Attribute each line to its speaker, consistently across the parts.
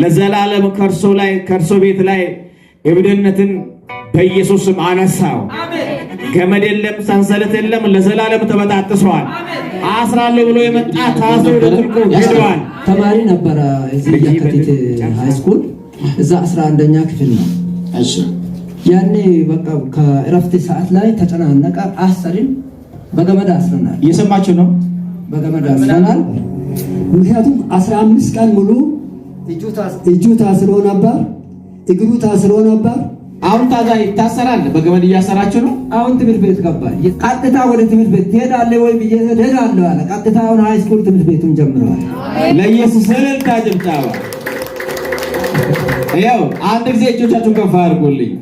Speaker 1: ለዘላለም ከእርሶ ላይ ከእርሶ ቤት ላይ እብድነትን በኢየሱስ ስም አነሳው። ገመድ የለም፣ ሰንሰለት የለም፣ ለዘላለም ተበጣጥሰዋል። አስራለሁ ብሎ የመጣ ታስሮ ወደ ጥልቁ ሄደዋል።
Speaker 2: ተማሪ ነበረ እዚህ የካቲት ሃይስኩል እዛ አስራ አንደኛ ክፍል ነው። ያኔ በቃ ከእረፍት ሰዓት ላይ ተጨናነቀ። አሰሪን በገመድ አስረናል።
Speaker 1: እየሰማችሁ ነው።
Speaker 2: በገመድ አስረናል። ምክንያቱም አስራ አምስት ቀን ሙሉ እጁ ታስሮ ነበር፣ እግሩ ታስሮ ነበር።
Speaker 1: አሁን ታዛ ይታሰራል። በገመድ እያሰራችሁ ነው።
Speaker 2: አሁን ትምህርት ቤት ገባል። ቀጥታ ወደ ትምህርት ቤት ትሄዳለህ ወይ ብዬ እሄዳለሁ አለ። ቀጥታ አሁን ሃይ ስኩል ትምህርት ቤቱን ጀምረዋል።
Speaker 1: ለኢየሱስ እልልታ ጭብጨባ። ያው አንድ ጊዜ እጆቻችሁን ከፍ አድርጉልኝ።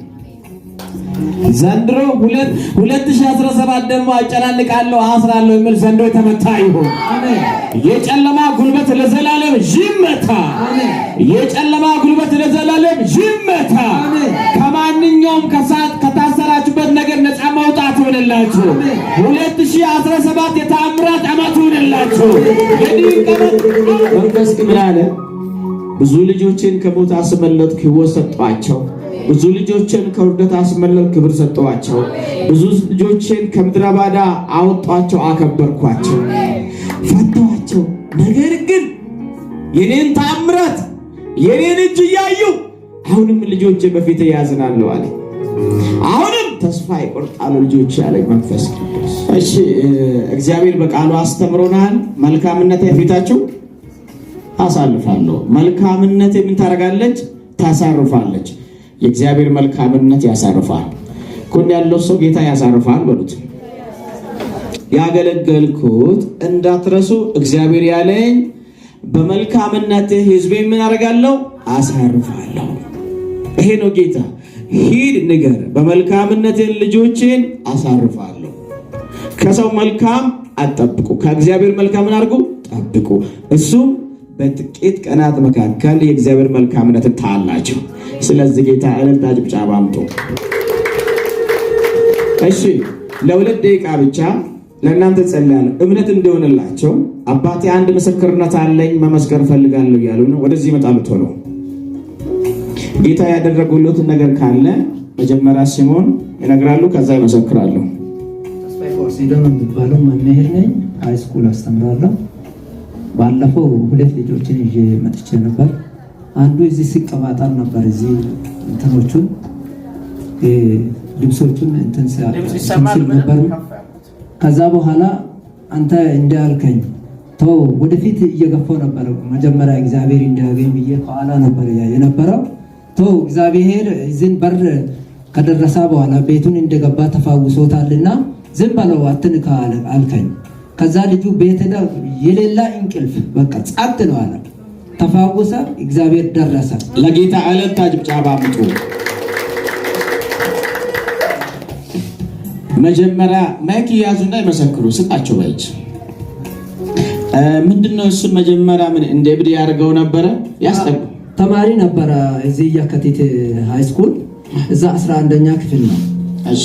Speaker 1: ዘንድሮ 2017 ደግሞ አጨላልቃለሁ አስራለሁ የሚል ዘንድሮ የተመታ ይሁን። የጨለማ ጉልበት ለዘላለም ይመታ። የጨለማ ጉልበት ለዘላለም ይመታ። ከማንኛውም ከሰዓት ከታሰራችሁበት ነገር ነፃ መውጣት ይሆንላችሁ። 2017 የተአምራት ዓመት ይሆንላችሁ።
Speaker 2: መንፈስ ቅዱስ ብዙ ልጆችን ከሞት አስመለጥኩ፣ ሕይወት ሰጧቸው ብዙ ልጆችን ከውርደት አስመለል ክብር ሰጠዋቸው። ብዙ ልጆችን ከምድረ ባዳ አወጧቸው፣ አከበርኳቸው፣ ፈተዋቸው። ነገር ግን የኔን ታምራት የኔን እጅ እያዩ አሁንም ልጆች በፊት ያዝናሉ አለ። አሁንም ተስፋ ይቆርጣሉ ልጆች ያለኝ መንፈስ እሺ እግዚአብሔር በቃሉ አስተምሮናል። መልካምነት የፊታችሁ አሳልፋለሁ። መልካምነት ምን ታደርጋለች? ታሳርፋለች። የእግዚአብሔር መልካምነት ያሳርፋል። ኩን ያለው ሰው ጌታ ያሳርፋል በሉት። ያገለገልኩት እንዳትረሱ እግዚአብሔር ያለኝ በመልካምነት ህዝቤ ምን አደርጋለሁ? አሳርፋለሁ። ይሄ ነው ጌታ። ሂድ ንገር፣ በመልካምነትን ልጆችን አሳርፋለሁ። ከሰው መልካም አጠብቁ፣ ከእግዚአብሔር መልካምን አድርጉ ጠብቁ። እሱም በጥቂት ቀናት መካከል የእግዚአብሔር መልካምነትን ታያላችሁ። ስለዚህ ጌታ እልልታ ጭብጨባ አምጡ።
Speaker 1: እሺ ለሁለት ደቂቃ ብቻ ለእናንተ ጸልያለሁ። እምነት እንደሆነላቸው አባቴ አንድ ምስክርነት አለኝ መመስከር ፈልጋለሁ እያሉ ነው። ወደዚህ ይመጣሉ። ቶሎ ጌታ ያደረጉሉትን ነገር ካለ መጀመሪያ ሲሞን ይነግራሉ፣ ከዛ ይመሰክራሉ።
Speaker 2: ተስፋዬ ፎርሲዶ የሚባለው መምህር ነኝ። ሃይስኩል አስተምራለሁ። ባለፈው ሁለት ልጆችን ይዤ መጥቼ ነበር። አንዱ እዚህ ሲቀባጠር ነበር። እዚህ እንትኖቹን ልብሶቹን እንትን ሲል ነበር። ከዛ በኋላ አንተ እንዳልከኝ ተው ወደፊት እየገፋው ነበረ። መጀመሪያ እግዚአብሔር እንዳያገኝ ብዬ ከኋላ ነበር የነበረው። ተው እግዚአብሔር ዝን በር ከደረሳ በኋላ ቤቱን እንደገባ ተፋውሶታልና ዝም በለው አትንካ አልከኝ። ከዛ ልጁ ቤት ሄዳ የሌላ እንቅልፍ በቃ ጸጥ ነው አለ። ተፋወሰ። እግዚአብሔር ደረሰ።
Speaker 1: ለጌታ አለታ ጭብጨባ አምጡ። መጀመሪያ ማይክ ያዙና ይመሰክሩ ስጣቸው። ባይጭ ምንድነው? እሱን መጀመሪያ ምን እንደ እብድ ያደርገው ነበረ። ያስጠቁ
Speaker 2: ተማሪ ነበረ እዚህ የካቲት ስኩል እዛ 11ኛ ክፍል ነው። እሺ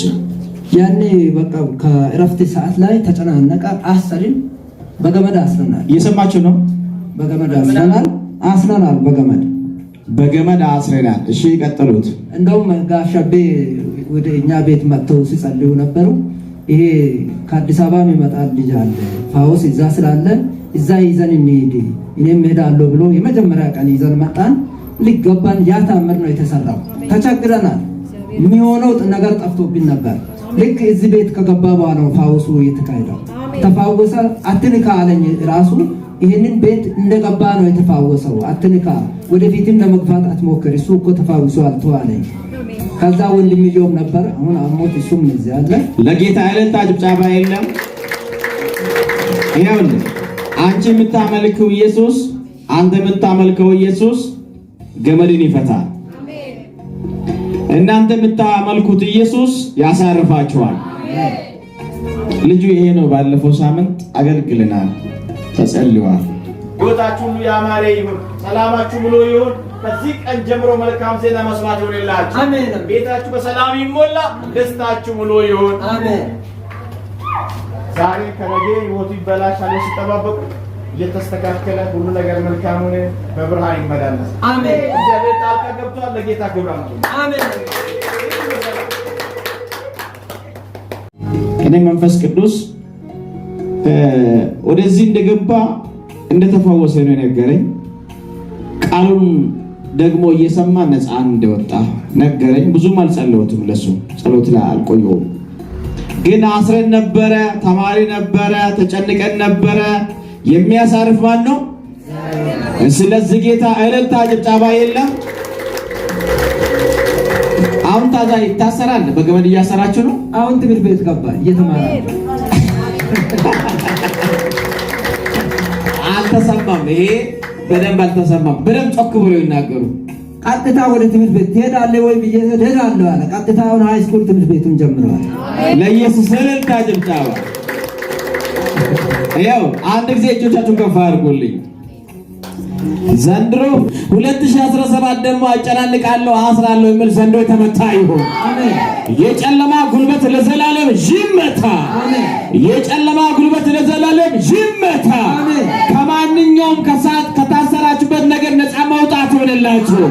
Speaker 2: ያኔ በቃ ከእረፍት ሰዓት ላይ ተጨናነቀ። አሰሪን በገመድ አስረናል።
Speaker 1: እየሰማችሁ ነው።
Speaker 2: በገመድ አስረናል አስረናል በገመድ
Speaker 1: በገመድ አስረናል። እሺ ቀጠሉት።
Speaker 2: እንደውም ጋሻቤ ወደ እኛ ቤት መጥተው ሲጸልዩ ነበሩ። ይሄ ከአዲስ አበባ የሚመጣ ልጅ አለ ፋውስ እዛ ስላለ እዛ ይዘን እንሂድ እኔም ሄዳለሁ ብሎ የመጀመሪያ ቀን ይዘን መጣን። ሊገባን ያ ታምር ነው የተሰራው። ተቸግረናል። የሚሆነው ነገር ጠፍቶብን ነበር። ልክ እዚህ ቤት ከገባ በኋላ ነው ፋውሱ የተካሄደው። ተፋወሰ አትንካ አለኝ ራሱ ይህንን ቤት እንደገባ ነው የተፋወሰው። አትንካ፣ ወደፊትም ለመግፋት አትሞክር፣ እሱ እኮ ተፋውሶ አልቶ ከዛ ወንድም ይዞም ነበር አሁን አሞት፣ እሱም እዚህ አለ።
Speaker 1: ለጌታ ያለንታ ጭብጨባ የለም። ይኸውልህ አንቺ የምታመልከው ኢየሱስ፣ አንተ የምታመልከው ኢየሱስ ገመድን ይፈታል። እናንተ የምታመልኩት ኢየሱስ ያሳርፋችኋል። ልጁ ይሄ ነው። ባለፈው ሳምንት አገልግለናል፣ ተጸልዋል። ሕይወታችሁ ሁሉ ያማረ ይሁን፣ ሰላማችሁ ብሎ ይሁን። ከዚህ ቀን ጀምሮ መልካም ዜና መስማት ይሆንላችሁ። ቤታችሁ በሰላም ይሞላ፣ ደስታችሁ ሙሉ ይሁን። ዛሬ ከነገ ሕይወቱ ይበላሻል ሲጠባበቁ እየተስተካከለ ሁሉ ነገር መልካም ሆነ፣ በብርሃን ይመላለስ። አሜን። እግዚአብሔር ጣልቃ ገብቷል። ለጌታ ክብር አሜን። እኔ መንፈስ ቅዱስ ወደዚህ እንደገባ እንደተፋወሰ ነው የነገረኝ። ቃሉም ደግሞ እየሰማ ነፃ እንደወጣ ነገረኝ። ብዙም አልጸለውትም፣ ለሱ ጸሎት ላይ አልቆየውም። ግን አስረን ነበረ፣ ተማሪ ነበረ፣ ተጨንቀን ነበረ የሚያሳርፍ ማን ነው? ስለዚህ ጌታ እልልታ፣ ጭብጨባ የለም። አሁን ታዛ ይታሰራል። በገመድ እያሰራችሁ ነው።
Speaker 2: አሁን ትምህርት ቤት ገባ እየተማረ
Speaker 1: አልተሰማም። ይሄ በደንብ አልተሰማም። በደንብ ጮክ ብሎ ይናገሩ።
Speaker 2: ቀጥታ ወደ ትምህርት ቤት ትሄዳለህ ወይም እየሄዳለህ አለ። ቀጥታ አሁን ሃይስኩል ትምህርት ቤቱን ጀምረዋል።
Speaker 1: ለኢየሱስ እልልታ፣ ጭብጨባ ያው አንድ ጊዜ እጆቻችሁን ከፍ አድርጉልኝ። ዘንድሮ 2017 ደግሞ አጨናንቃለሁ አስራለሁ የሚል ዘንድሮ የተመታ ይሁን። የጨለማ ጉልበት ለዘላለም ይመታ። የጨለማ ጉልበት ለዘላለም ይመታ። ከማንኛውም ከሰዓት ከታሰራችሁበት ነገር ነፃ ማውጣት ይሆንላችሁ።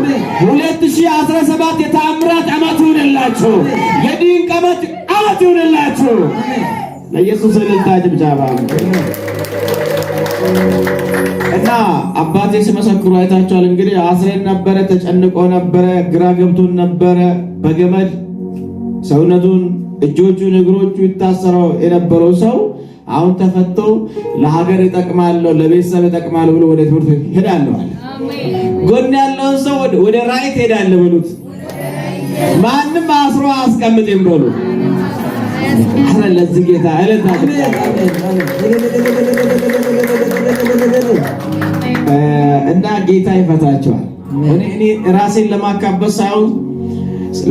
Speaker 1: 2017 የታምራት ዓመት ይሆንላችሁ። የድንቅ ዓመት ዓመት ይሆንላችሁ። ለኢየሱስ እልልታ ጭብጨባ እና አባቴ ሲመሰክሩ አይታችኋል። እንግዲህ አስሬን ነበረ፣ ተጨንቆ ነበረ፣ ግራ ገብቶን ነበረ። በገመድ ሰውነቱን፣ እጆቹን፣ እግሮቹ ይታሰረው የነበረው ሰው አሁን ተፈቶ ለሀገር ይጠቅማለሁ፣ ለቤተሰብ ይጠቅማል ብሎ ወደ ትምህርት ሄዳለሁ። ጎን ያለውን ሰው ወደ ራይት ሄዳለ ብሉት ማንም አስሮ አያስቀምጥም በሉ አረ ለዚህ ጌታ እልልታ እና ጌታ ይፈታቸዋል። እኔ ራሴን ለማካበት ሳይሆን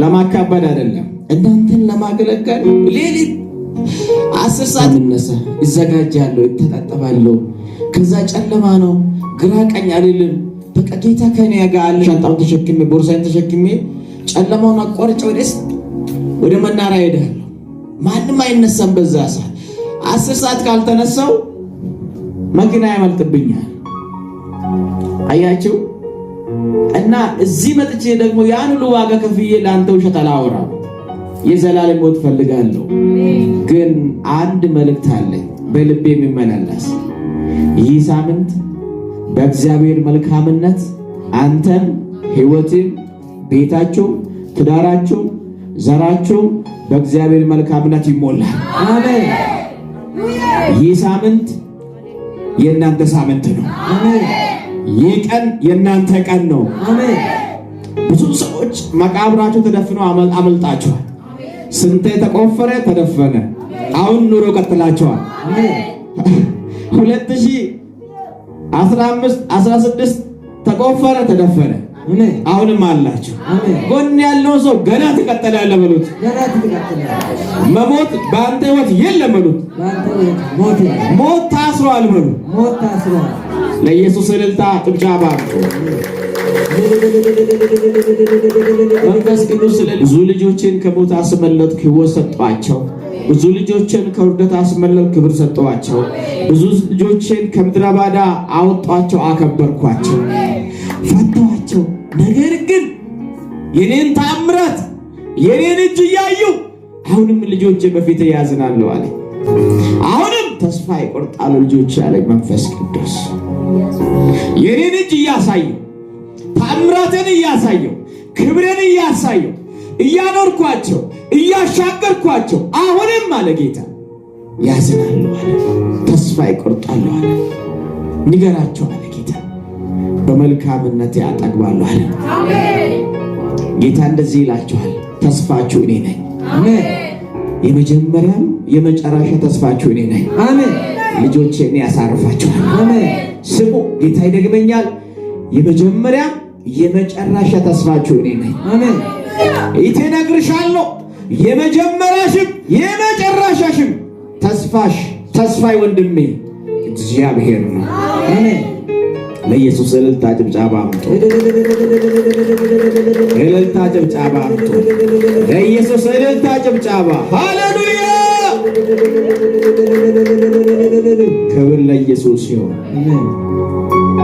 Speaker 1: ለማካበድ አይደለም፣ እናንተን ለማገለገል ሌሊት አስር ሰዓት
Speaker 2: እነሳ ይዘጋጃለሁ፣ ይተጣጠባለሁ። ከዛ ጨለማ ነው፣ ግራ ቀኝ አልልም። በቃ ጌታ ከኔ ጋር አለ። ሻንጣውን ተሸክሜ ቦርሳዬን ተሸክሜ ጨለማውን አቋርጬ ወደ መናራ ሄዳለሁ። ማንም አይነሳም። በዛ ሰዓት አስር ሰዓት ካልተነሳው መኪና ያመልጥብኛል። አያችሁ እና እዚህ መጥቼ ደግሞ ያን ሁሉ ዋጋ ከፍዬ ለአንተ ውሸት አላወራም። የዘላለም ሞት ፈልጋለሁ። ግን አንድ መልእክት አለኝ በልቤ የሚመላለስ ይህ ሳምንት በእግዚአብሔር መልካምነት አንተም ሕይወትም ቤታችሁም ትዳራችሁም ዘራችሁ በእግዚአብሔር መልካምነት ይሞላል። አሜን። ይህ ሳምንት የእናንተ ሳምንት ነው። አሜን። ይህ ቀን የእናንተ ቀን ነው። አሜን። ብዙ ሰዎች መቃብራችሁ ተደፍነው አመልጣቸዋል። ስንተ ተቆፈረ፣ ተደፈነ። አሁን ኑሮ ቀጥላቸዋል? ሁለት ሺህ አስራ አምስት አስራ ስድስት ተቆፈረ፣ ተደፈነ አሁንም አላችሁ። ጎን ያለው ሰው ገና ትቀጥላለህ በሉት። መሞት በአንተ ሕይወት የለም በሉት። ሞት ታስሯል በሉ።
Speaker 1: ለኢየሱስ እልልታ፣ ጭብጨባ። መንፈስ ቅዱስ ብዙ ልጆችን ከሞት አስመለጥክ፣ ሕይወት ሰጧቸው። ብዙ ልጆችን ከውርደት አስመለጥ፣ ክብር ሰጠዋቸው። ብዙ ልጆችን ከምድረ በዳ አወጧቸው፣ አከበርኳቸው፣ ፈተዋቸው ነገር ግን የኔን ታምራት የኔን እጅ እያዩ አሁንም ልጆች በፊት ያዝናሉ አለ። አሁንም ተስፋ ይቆርጣሉ ልጆች አለ መንፈስ ቅዱስ የኔን እጅ እያሳየው ታምራትን እያሳየው ክብርን እያሳየው እያኖርኳቸው እያሻገርኳቸው አሁንም አለ ጌታ ያዝናሉ አለ። ተስፋ ይቆርጣሉ አለ። ንገራቸው አለ በመልካምነት ያጠግባሉ አለ። ጌታ እንደዚህ ይላችኋል፣ ተስፋችሁ እኔ ነኝ። የመጀመሪያም የመጨረሻ ተስፋችሁ እኔ ነኝ። አሜን። ልጆቼ እኔ ያሳርፋችኋል። አሜን። ስሙ፣ ጌታ ይደግመኛል። የመጀመሪያ የመጨረሻ ተስፋችሁ እኔ ነኝ። አሜን። ይተነግርሻለሁ። የመጀመሪያሽም የመጨረሻሽም ተስፋሽ ተስፋይ ወንድሜ እግዚአብሔር ነው። አሜን። ለኢየሱስ እልልታ ጭብጫባ አምጡ። እልልታ ጭብጫባ አምጡ። ለኢየሱስ እልልታ ጭብጫባ። ሃሌሉያ! ክብር ለኢየሱስ ይሁን።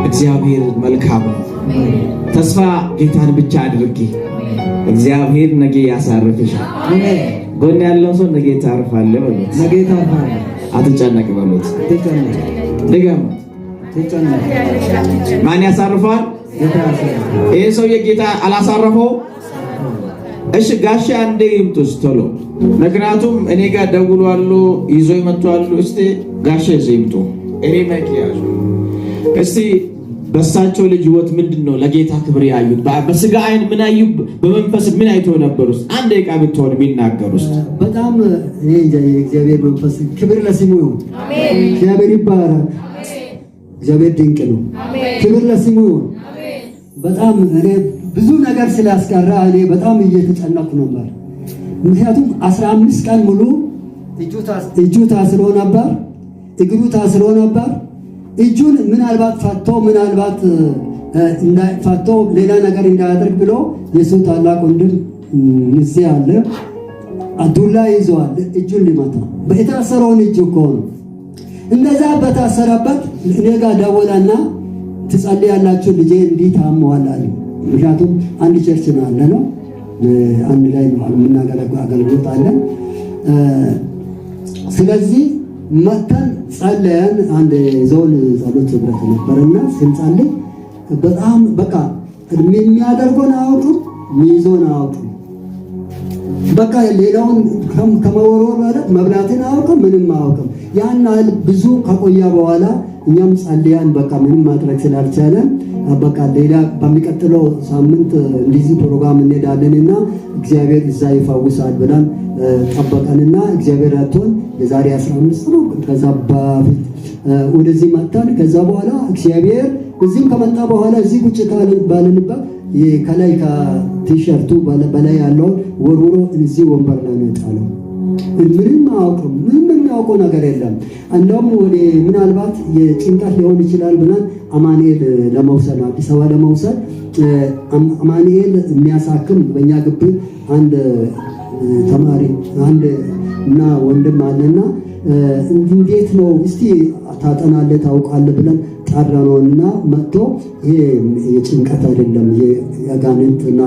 Speaker 1: እግዚአብሔር መልካም ነው። ተስፋ ጌታን ብቻ አድርጊ። እግዚአብሔር ነገ ያሳርፍሻል። ጎን ያለው ሰው ነገ ታርፋለህ በሉት። ነገ ታርፋለህ። አትጨነቅ በሉት። አትጨነቅ ድገም ማን ያሳርፈዋል? ይሄ ሰው የጌታ አላሳረፈው። እሺ ጋሽ አንዴ ይምጡስ ቶሎ፣ ምክንያቱም እኔ ጋር ደውሎ አሉ ይዞ ይመጡ አሉ። እስቲ ጋሽ ይዞ ይምጡ። እኔ መኪያዙ እስቲ በእሳቸው ልጅ ህይወት ምንድን ነው ለጌታ ክብር ያዩት? በስጋ አይን ምን አዩ? በመንፈስ ምን አይቶ ነበር? ውስጥ አንድ ደቂቃ ብትሆን ቢናገር ውስጥ
Speaker 2: በጣም እኔ እግዚአብሔር መንፈስ ክብር ለስሙ ይሁን። እግዚአብሔር ይባረክ። እግዚአብሔር ድንቅ ነው። ክብር ለስሙ ይሁን። በጣም እኔ ብዙ ነገር ስላስቀራ እኔ በጣም እየተጨነኩ ነበር። ምክንያቱም አስራ አምስት ቀን ሙሉ እጁ ታስሮ ነበር፣ እግሩ ታስሮ ነበር። እጁን ምናልባት ፈቶ ምናልባት ፈቶ ሌላ ነገር እንዳያደርግ ብሎ የእሱ ታላቅ ወንድም ምሴ አለ አዱላ ይዘዋል እጁን ሊመታ በየታሰረውን እጅ እኮ እነዛ በታሰረበት እኔ ጋር ደወለና ትጸልያላችሁ ልጄ እንዲህ ታመዋል አለ። ምክንያቱም አንድ ቸርች ነው አለ ነው አንድ ላይ ነው የምናገለግለው አገልግሎት አለን። ስለዚህ መተን ጸለየን። አንድ ዞን ጸሎት ህብረት ነበርና ስንጸልይ በጣም በቃ የሚያደርጎን አያውቁ ሚይዞን አያውቁ በቃ ሌላውን ከመወርወር ማለት መብላትን አያውቅም ምንም አያውቅም። ያን ያህል ብዙ ከቆያ በኋላ እኛም ጸልያን በቃ ምንም ማድረግ ስላልቻለ በቃ ሌላ በሚቀጥለው ሳምንት እንደዚህ ፕሮግራም እንሄዳለንና እግዚአብሔር እዛ ይፈውሳል ብለን ጠበቀንና እግዚአብሔር ረድቶን የዛሬ 15 ነው ከዛ በፊት ወደዚህ መጣን። ከዛ በኋላ እግዚአብሔር እዚህም ከመጣ በኋላ እዚህ ቁጭ ባልንበት ከላይ ከቲሸርቱ በላይ ያለውን ወርውሮ እዚህ ወንበር ላይ ነው የጣለው። ምንም አያውቅም። ምንም የሚያውቀው ነገር የለም። እንደውም ወደ ምናልባት የጭንቀት ሊሆን ይችላል ብለን አማኑኤል ለመውሰድ አዲስ አበባ ለመውሰድ አማኑኤል የሚያሳክም በእኛ ግቢ አንድ ተማሪ አንድ እና ወንድም አለና እንዴት ነው እስቲ ታጠናለ ታውቃለ ብለን ጠራ ነውና መጥቶ ይሄ የጭንቀት አይደለም የአጋንንት እና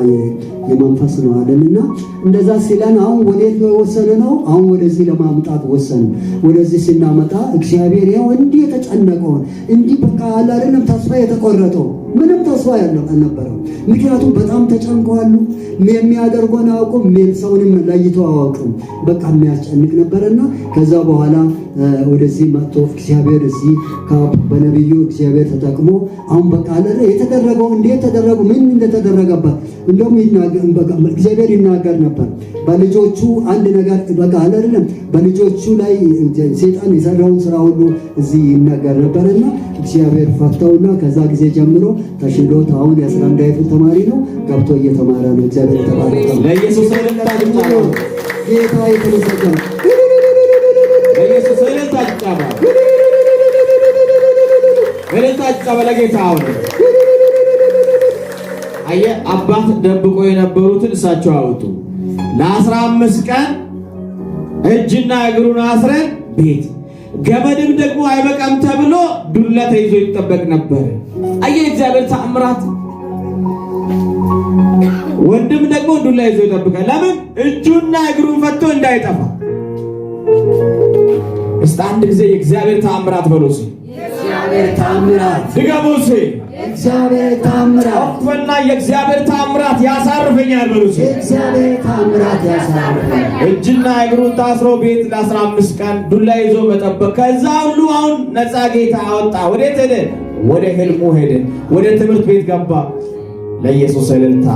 Speaker 2: የመንፈስ ነው አይደልና እንደዛ ሲለን አሁን ወዴት ነው የወሰነ ነው? አሁን ወደዚህ ለማምጣት ወሰን። ወደዚህ ስናመጣ እግዚአብሔር ይኸው እንዲህ የተጨነቀውን እንዲህ በቃ አለ አይደለም ተስፋ የተቆረጠው ምንም ተስፋ አልነበረው። ምክንያቱም በጣም ተጨንቀዋሉ። የሚያደርገውን አያውቁም፣ ሰውንም ለይቶ አያውቅም። በቃ የሚያስጨንቅ ነበረና ከዛ በኋላ ወደዚህ መጥቶ እግዚአብሔር እዚህ በነቢዩ እግዚአብሔር ተጠቅሞ አሁን በቃ አለ የተደረገው እንዴት ተደረጉ ምን እንደተደረገበት እንደውም ይናገ እግዚአብሔር ይናገር ነበር። በልጆቹ አንድ ነገር በቃ አለ አይደለም፣ በልጆቹ ላይ ሴጣን የሰራውን ስራ ሁሉ እዚህ ይናገር ነበርና እግዚአብሔር ፈተውና ከዛ ጊዜ ጀምሮ ተሽሎት አሁን የአስራ አንድ አይነት ተማሪ ነው ገብቶ እየተማረ ነው። እግዚአብሔር ተባረከ።
Speaker 1: ለኢየሱስ ጌታ የተመሰገነ ለኢየሱስ አየ አባት ደብቆ የነበሩትን እሳቸው አወጡ። ለአስራ አምስት ቀን እጅና እግሩን አስረን ቤት ገመድም ደግሞ አይበቃም ተብሎ ዱላ ተይዞ ይጠበቅ ነበር። አየ እግዚአብሔር ተአምራት። ወንድም ደግሞ ዱላ ይዞ ይጠብቃል። ለምን እጁና እግሩን ፈቶ እንዳይጠፋ። እስቲ አንድ ጊዜ የእግዚአብሔር ተአምራት በሎሴ ድገሞሴ
Speaker 3: እግዚአብሔር ታምራት
Speaker 1: እኩልና የእግዚአብሔር ታምራት ያሳርፈኛል ብሎ
Speaker 3: እግዚአብሔር ታምራት ያሳርፈኛል።
Speaker 1: እጅና እግሩን ታስሮ ቤት ለአስራ አምስት ቀን ዱላ ይዞ መጠበቅ ከዛ ሁሉ አሁን ነፃ ጌታ አወጣ። ወዴት ሄደ? ወደ ህልሙ ሄደ። ወደ ትምህርት ቤት ገባ። ለኢየሱስ እልልታ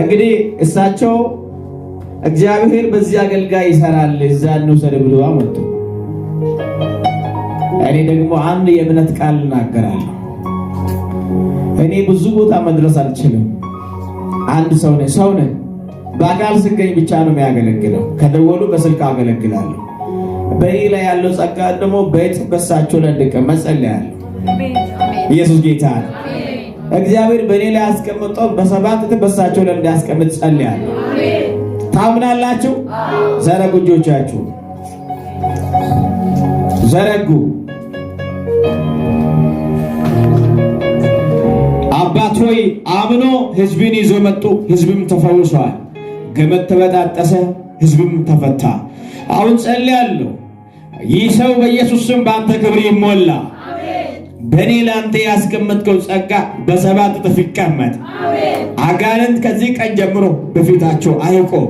Speaker 1: እንግዲህ እሳቸው እግዚአብሔር በዚህ አገልጋይ ይሰራል እዛ እንውሰድ ብሎ አመጡ። እኔ ደግሞ አንድ የእምነት ቃል እናገራለሁ። እኔ ብዙ ቦታ መድረስ አልችልም። አንድ ሰው ነኝ ሰው ነኝ። በአካል ስገኝ ብቻ ነው የሚያገለግለው። ከደወሉ በስልክ አገለግላለሁ። በእኔ ላይ ያለው ጸጋ ደግሞ በእጥፍ በሳቸው ላይ እንዲቀመጥ ጸልያለሁ። ኢየሱስ ጌታ እግዚአብሔር በእኔ ላይ ያስቀምጠው በሰባት እጥፍ በሳቸው ላይ ጸልያለሁ። ታምናላችሁ? ዘረጉ፣ እጆቻችሁ ዘረጉ። አባት ሆይ አምኖ ህዝብን ይዞ መጡ። ህዝብም ተፈውሰዋል። ገመድ ተበጣጠሰ፣ ህዝብም ተፈታ። አሁን ጸልያለሁ። ይህ ሰው በኢየሱስ ስም በአንተ ክብር ይሞላ። በእኔ ለአንተ ያስቀመጥከው ጸጋ በሰባት እጥፍ ይቀመጥ። አጋንንት ከዚህ ቀን ጀምሮ በፊታቸው አይቆም።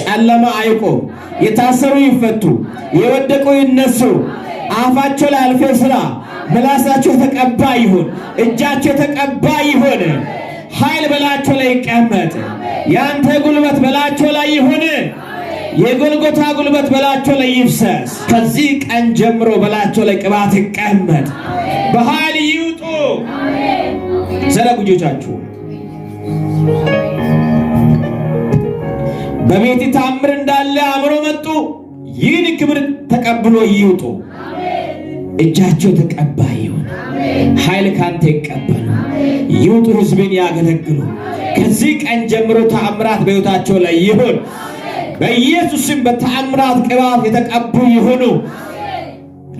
Speaker 1: ጨለማ አይቆም። የታሰሩ ይፈቱ፣ የወደቁ ይነሱ። አፋቸው ላይ አልፈ ስራ፣ ምላሳቸው የተቀባ ይሁን፣ እጃቸው የተቀባ ይሁን። ኃይል በላቸው ላይ ይቀመጥ። የአንተ ጉልበት በላቸው ላይ ይሁን። የጎልጎታ ጉልበት በላቸው ላይ ይፍሰስ። ከዚህ ቀን ጀምሮ በላቸው ላይ ቅባት ይቀመጥ። በኃይል ይውጡ። ዘረጉጆቻችሁ በቤት ታምር እንዳለ አብሮ መጡ። ይህን ክብር ተቀብሎ ይውጡ። እጃቸው ተቀባ ይሁን። ኃይል ካንተ ይቀበሉ። ይውጡ፣ ህዝብን ያገለግሉ። ከዚህ ቀን ጀምሮ ተአምራት በሕይወታቸው ላይ ይሁን። በኢየሱስም በተአምራት ቅባት የተቀቡ ይሁኑ።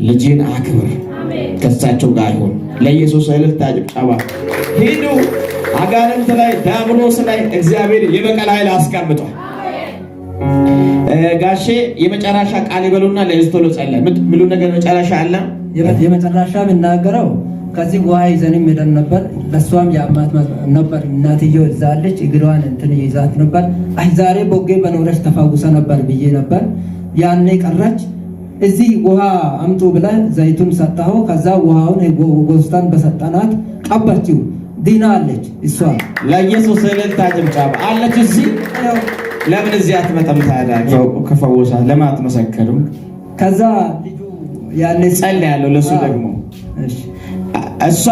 Speaker 1: ልጅን አክብር፣ ከሳቸው ጋር ይሁን። ለኢየሱስ እልልታ ጭብጨባ። ሂዱ። አጋንንት ላይ ዳብሎስ ላይ እግዚአብሔር የበቀል ኃይል አስቀምጧል። ጋሼ የመጨረሻ ቃል ይበሉና ለስቶሎ ጸለ ምሉ ነገር መጨረሻ አለ።
Speaker 2: የመጨረሻ የምናገረው ከዚህ ውሃ ይዘን ሄደን ነበር። በእሷም የአማት ነበር እናትየው እዛ እግሯን እንትን ይዛት ነበር። አይ ዛሬ ቦጌ በኖረች ተፋጉሰ ነበር ብዬ ነበር። ያኔ ቀረች። እዚህ ውሃ አምጡ ብለ ዘይቱን ሰጣሁ። ከዛ ውሃውን ጎስታን በሰጠናት ቀባችው። ዲና አለች እሷ
Speaker 1: ለኢየሱስ ልታጭብጫብ አለች እዚህ ለምን እዚህ አትመጣም ታዲያ? ከፈወሳ ለምን አትመሰክርም?
Speaker 2: ከዛ ልጁ
Speaker 1: ያለ ጸል ያለው ለሱ ደግሞ እሷ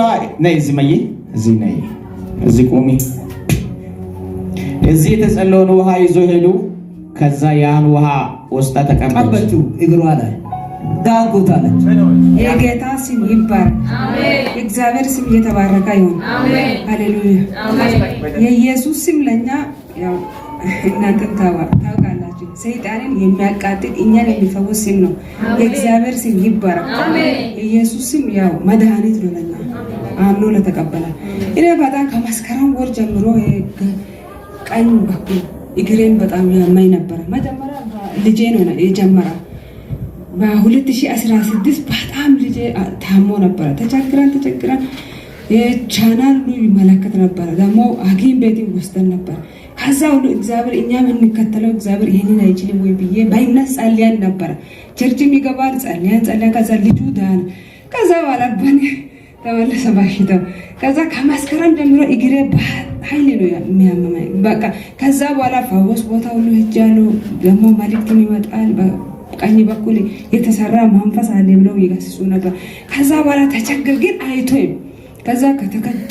Speaker 1: ነይ እዚህ መዬ እዚህ ነይ እዚህ ቁሚ። እዚህ የተጸለውን ውሃ ይዞ ሄዱ። ከዛ ያን ውሃ ወስጣ
Speaker 2: ተቀበለችው። እግሯ ላይ ዳጎታለች። የጌታ ስም ይባረክ። እግዚአብሔር ስም እየተባረከ ይሁን። ሃሌሉያ። የኢየሱስ ስም ለእኛ እናንተ ታውቃላችሁ። ሰይጣንን የሚያቃጥል እኛን የሚፈውስ ስም ነው። የእግዚአብሔር ስም ይባረክ። ኢየሱስ ስም ያው መድኃኒት ነው ለእኛ አምኖ ለተቀበለ። እኔ በጣም ከመስከረም ወር ጀምሮ ቀኝ በኩል እግሬን በጣም ያመኝ ነበረ። መጀመሪያ ልጄ ነው የጀመረ በ2016 በጣም ልጄ ታሞ ነበረ። ተቸግረን ተቸግረን ቻናል ይመለከት ነበረ። ደግሞ ሐኪም ቤት ውስጠን ነበረ ከዛ ሁሉ እግዚአብሔር እኛ የምንከተለው እግዚአብሔር ይህንን አይችልም ወይ ብዬ ባይነት ጸልያን ነበረ። ቸርችም ይገባል ጸልያን ጸልያ ከዛ ልጁ ዳነ። ከዛ በኋላ በኔ ተመለሰ በሽታው። ከዛ ከመስከረም ጀምሮ እግሬ ኃይል ነው የሚያመመኝ በቃ። ከዛ በኋላ ፈውስ ቦታ ሁሉ ሄጃለሁ። ደግሞ መልእክትም ይመጣል ቀኝ በኩል የተሰራ መንፈስ አለ ብለው ይገስጹ ነበር። ከዛ በኋላ ተቸገር ግን አይቶይም ከዛ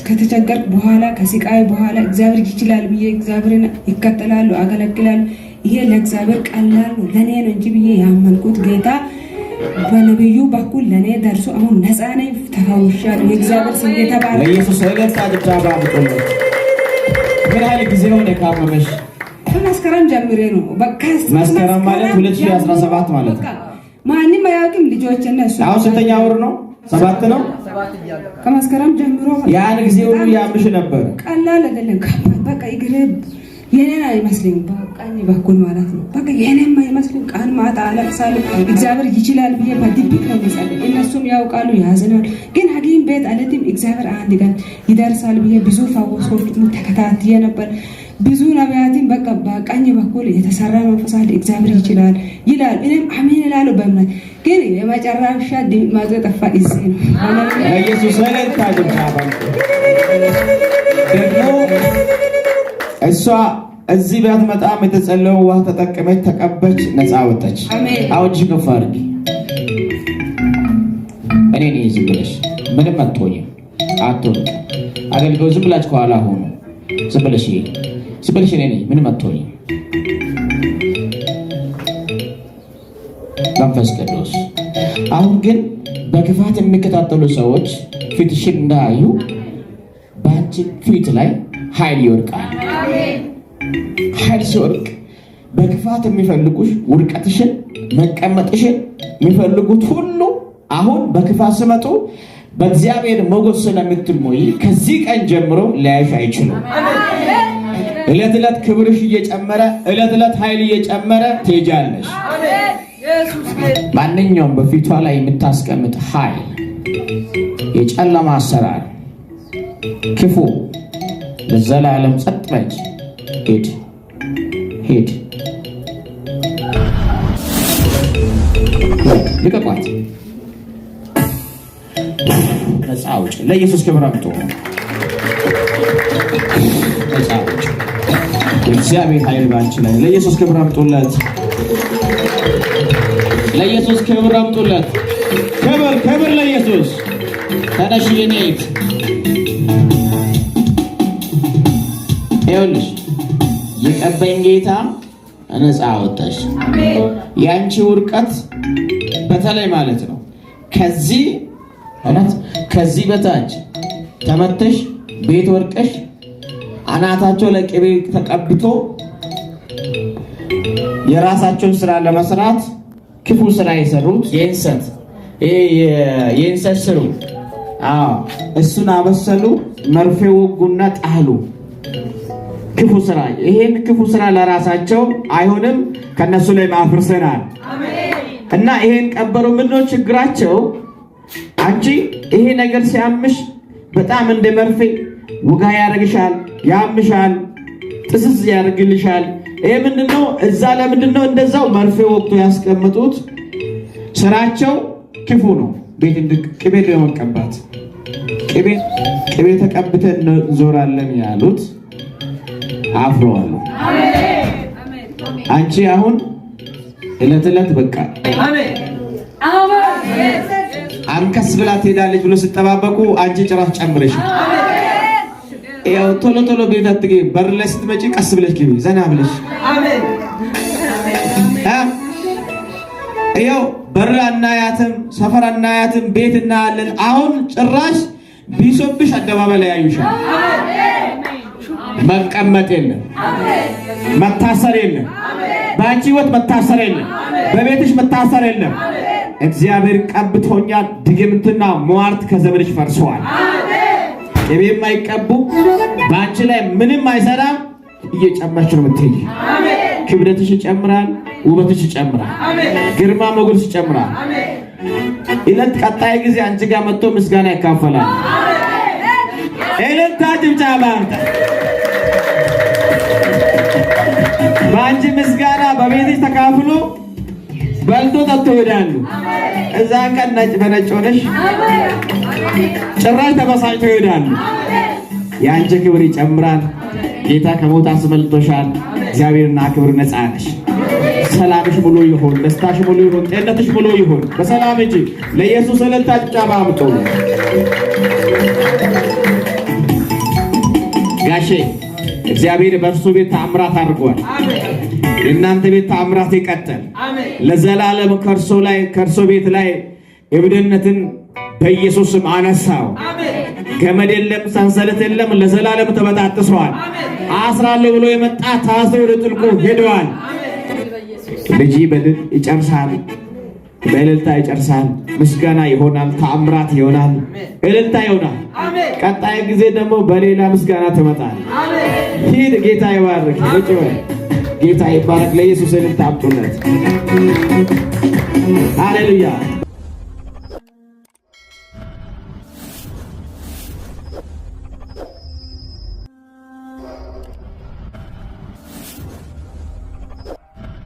Speaker 2: ከተቸገር በኋላ ከስቃይ በኋላ እግዚአብሔር ይችላል ብዬ እግዚአብሔርን ይከተላሉ አገለግላል። ይሄ ለእግዚአብሔር ቀላል ለእኔ ነው እንጂ ብዬ ያመልኩት ጌታ በነቢዩ በኩል ለእኔ ደርሶ አሁን ነፃ ነኝ፣ ተፈውሻለሁ። የእግዚአብሔር ስም የተባለ
Speaker 1: ለኢየሱስ ለገታ ብቻ ባምጡለ ምን ያህል ጊዜ ሆነ ካመመሽ?
Speaker 2: ከመስከረም ጀምሬ ነው
Speaker 1: በቃ መስከረም ማለት 2017 ማለት ነው።
Speaker 2: ማንም አያውቅም ልጆች እነሱ
Speaker 1: አሁን ስንተኛ ወር ነው? ሰባት ነው።
Speaker 2: ከመስከረም ጀምሮ
Speaker 1: ያን ጊዜ ሁሉ ያምሽ ነበር።
Speaker 2: ቀላል አይደለም። በቃ እግሬ የኔን አይመስልም። በቃኝ በኩል ማለት ነው። በቃ የኔን አይመስልም። ቀን ማታ አለቅሳለሁ። እግዚአብሔር ይችላል ብዬ በድብቅ ነው የምጸልይ። እነሱም ያውቃሉ፣ ያዝናል። ግን ሐኪም ቤት አልሄድም። እግዚአብሔር አንድ ቀን ይደርሳል ብዬ ብዙ ፈውሶች ተከታትዬ ነበር። ብዙ ነቢያትን በቃ በቀኝ በኩል የተሰራ መንፈሳት እግዚአብሔር ይችላል ይላል። እኔም አሜን እላለሁ በእምነት ግን የመጨረሻ ድምፅ ጠፋ። እዚህ ነው
Speaker 1: ደግሞ እሷ እዚህ ባትመጣም የተጸለየው ውሃ ተጠቀመች፣ ተቀበች፣ ነፃ ወጣች። አውጅ ከፍ አድርጊ። እኔ ነኝ ዝም ብለሽ ምንም አትሆኝም። አትሆን አገልጋዩ ዝም ብላችሁ ከኋላ ሆኑ ዝም ብለሽ ይሄ ስበልሽ እኔ ነኝ። ምንም አትሆኝ። መንፈስ ቅዱስ አሁን ግን በክፋት የሚከታተሉ ሰዎች ፊትሽን እንዳያዩ በአንቺ ፊት ላይ ኃይል ይወድቃል። ኃይል ሲወድቅ በክፋት የሚፈልጉሽ ውድቀትሽን፣ መቀመጥሽን የሚፈልጉት ሁሉ አሁን በክፋት ስመጡ በእግዚአብሔር ሞገስ ስለምትሞይ ከዚህ ቀን ጀምሮ ሊያዩሽ አይችሉም። እለት እለት ክብርሽ እየጨመረ እለት እለት ኃይል እየጨመረ ትሄጃለሽ። ማንኛውም በፊቷ ላይ የምታስቀምጥ ኃይል የጨለማ አሰራር ክፉ በዘላለም ጸጥ በጅ ሂድ ሂድ ልቀቋት ነፃ ለኢየሱስ ክብር አምጡ የእግዚአብሔር ኃይል ባንቺ ላይ። ለኢየሱስ ክብር አምጡለት፣ ለኢየሱስ ክብር አምጡለት። ክብር ክብር ለኢየሱስ። ተነሽ የኔት ይኸውልሽ የቀባኝ ጌታ ነፃ አወጣሽ። የአንቺ ውድቀት በተለይ ማለት ነው ከዚህ እውነት ከዚህ በታች ተመተሽ ቤት ወርቀሽ አናታቸው ለቅቤ ተቀብቶ የራሳቸውን ስራ ለመስራት ክፉ ስራ የሰሩት የእንሰት የእንሰት ስሩ እሱን አበሰሉ፣ መርፌ ወጉና ጣሉ። ክፉ ስራ ይሄን ክፉ ስራ ለራሳቸው አይሆንም ከነሱ ላይ ማፍርሰናል እና ይሄን ቀበሩ። ምነው ችግራቸው አንቺ ይሄ ነገር ሲያምሽ በጣም እንደ መርፌ ውጋ ያደርግሻል ያምሻል፣ ጥስስ ያደርግልሻል። ይሄ ምንድነው? እዛ ለምንድነው እንደዛው መርፌ ወቅቱ ያስቀምጡት? ስራቸው ክፉ ነው። ቤት ቅቤ ለመቀባት ቅቤ ተቀብተን እንዞራለን ያሉት አፍረዋል። አንቺ አሁን እለት እለት በቃ አንከስ ብላ ትሄዳለች ብሎ ስጠባበቁ አንቺ ጭራሽ ጨምረሽ ቶሎ ቶሎ ቤት አትገ በር ላይ ስትመጪ ቀስ ብለሽ ግቢ፣ ዘና ብለሽ ያው በር አናያትም፣ ሰፈር አናያትም፣ ቤት እናያለን። አሁን ጭራሽ ቢሶብሽ አደባባይ ላይ ያዩሻል። መቀመጥ የለም መታሰር የለም በአንቺ ህይወት መታሰር የለም በቤትሽ መታሰር የለም። እግዚአብሔር ቀብቶኛል። ድግምትና ሟርት ከዘመንሽ ፈርሰዋል። ቅቤ የማይቀቡ በአንቺ ላይ ምንም አይሰራም። እየጨመርሽ ነው የምትሄጂ። ክብደትሽ ይጨምራል፣ ውበትሽ ይጨምራል፣ ግርማ ሞገስሽ ይጨምራል። እለት ቀጣይ ጊዜ አንቺ ጋር መጥቶ ምስጋና ይካፈላል። እለት ጭብጨባ በአንቺ ምስጋና በቤትሽ ተካፍሎ በልቶ ጠጥቶ ይሄዳሉ። እዛ ቀን ነጭ በነጭ ሆነሽ ጭራሽ ተበሳጭቶ ይሄዳሉ። የአንቺ ክብር ይጨምራል። ጌታ ከሞት አስመልጦሻል። እግዚአብሔርና ክብር ነፃ ነሽ። ሰላምሽ ሙሉ ይሁን፣ ደስታሽ ሙሉ ይሁን፣ ጤንነትሽ ሙሉ ይሁን። በሰላም እንጂ ለኢየሱስ እልልታ ጭብጨባ አምጡ። ጋሼ እግዚአብሔር በእርሱ ቤት ተአምራት አድርጓል። የእናንተ ቤት ተአምራት ይቀጥል ለዘላለም። ከእርሶ ላይ ከእርሶ ቤት ላይ እብድነትን በኢየሱስም አነሳው። ገመድ የለም፣ ሰንሰለት የለም፣ ለዘላለም ተበጣጥሰዋል። አስራለሁ ብሎ የመጣ ታስሮ ወደ ጥልቁ ሄደዋል። ልጅ በድል ይጨርሳል፣ በእልልታ ይጨርሳል። ምስጋና ይሆናል፣ ተአምራት ይሆናል፣ እልልታ ይሆናል። ቀጣይ ጊዜ ደግሞ በሌላ ምስጋና ትመጣል። ሂድ፣ ጌታ ይባርክ። ጌታ ይባረክ። ለኢየሱስ እንታምጡለት። ሃሌሉያ